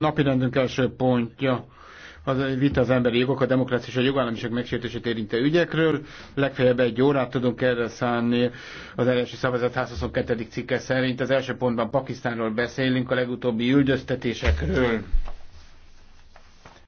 Napirendünk első pontja az vita az emberi jogok, a demokrácia és a jogállamiság megsértését érintő ügyekről. Legfeljebb egy órát tudunk erre szállni az első szavazat 122. cikke szerint. Az első pontban Pakisztánról beszélünk, a legutóbbi üldöztetésekről.